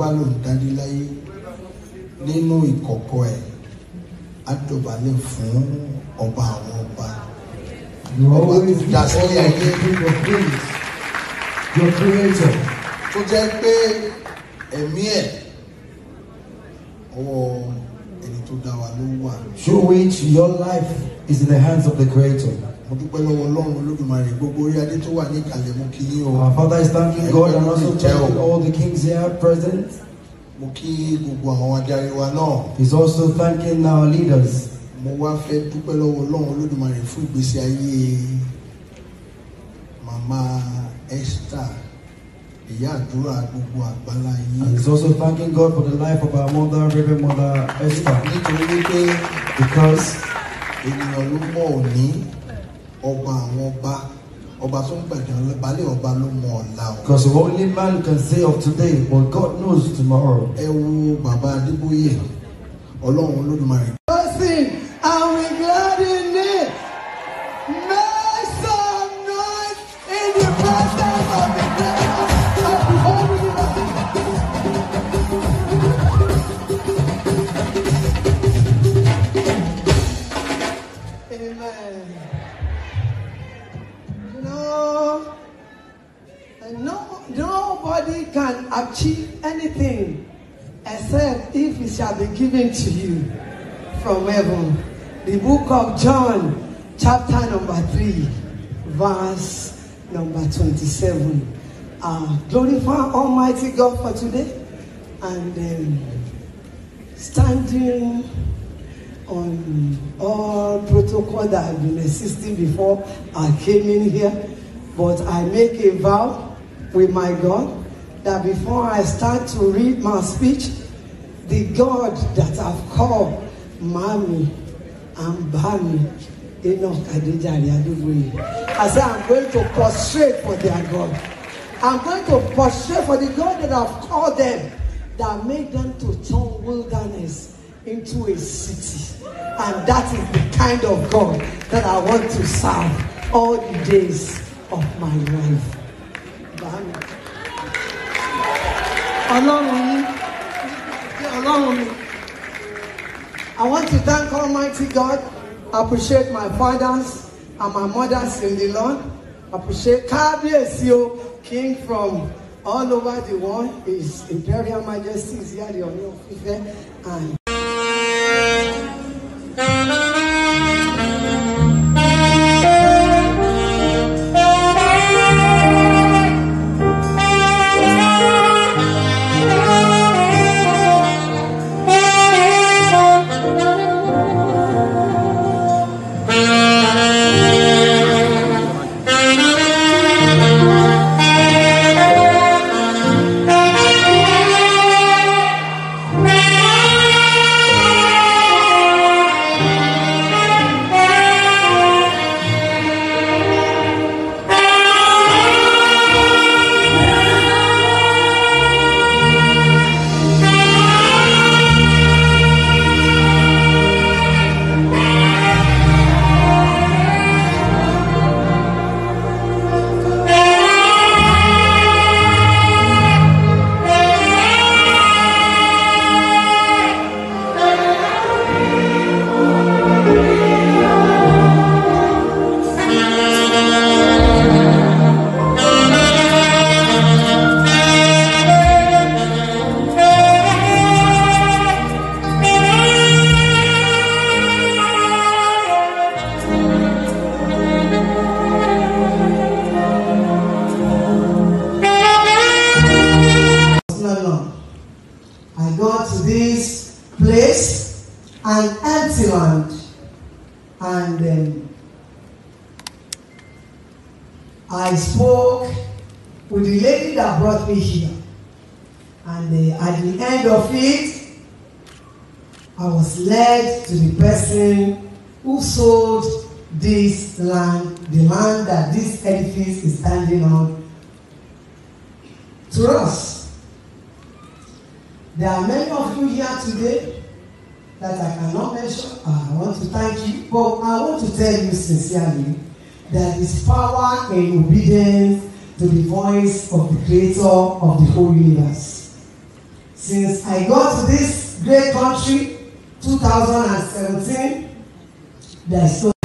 bá lòun dájú láyé nínú ìkọ̀kọ̀ ẹ̀ á fún ọba àwọn ọba. ọba tó dásílẹ̀ ayé your creator. tó jẹ́ pé ẹ̀mí ẹ̀ ọwọ́ ẹni tó dá wa ló wà. through which your life is in the hands of the creator mo dúpẹ́ lọ́wọ́ ọlọ́run olódùmarè gbogbo orí adé tó wà ní ìkàlẹ̀ mo kí yín o. our father is thanking God and also thanking all the kings here present. mo kí gbogbo àwọn adarí wa náà. he is also thanking our leaders. mo wá fẹ́ dúpẹ́ lọ́wọ́ ọlọ́run olódùmarè fún ìgbésí ayé màmá Esther ìyá àdúrà gbogbo àgbàlá yìí. and he is also thanking God for the life of our mother reverend mother Esther. nítorí wípé because ènìyàn ló mọ̀ òní ọba àwọn ọba ọba tó ń gbàdé balẹ̀ ọba ló mọ ọ̀la o. because only man can say of today but God knows tomorrow. ẹ wo bàbá Adébóyè ọlọ́run Olódùmarè. ó sì àwọn. can achieve anything except if it shall be given to you from heaven. The book of John, chapter number 3, verse number 27. Uh, glorify Almighty God for today and um, standing on all protocol that I've been assisting before I came in here. But I make a vow with my God that before I start to read my speech, the God that I've called Mommy and Bami, Enoch Adejari Adubuyi, I said, I'm going to prostrate for their God. I'm going to prostrate for the God that I've called them, that made them to turn wilderness into a city. And that is the kind of God that I want to serve all the days of my life. Ọlọ́run I want to thank Almighty God. I appreciate my fathers and my mothers in the Lord. I appreciate Kábíyèsí King from all over the world. His Imperial Majesty is here, the of um, I spoke with the lady that brought me here. And uh, at the end of it, I was led to the person who sold this land, the land that this edifice is standing on, to us. There are many of you here today that I cannot mention. I want to thank you, but I want to tell you sincerely that is power and obedience to the voice of the creator of the whole universe. Since I got to this great country, 2017, there's so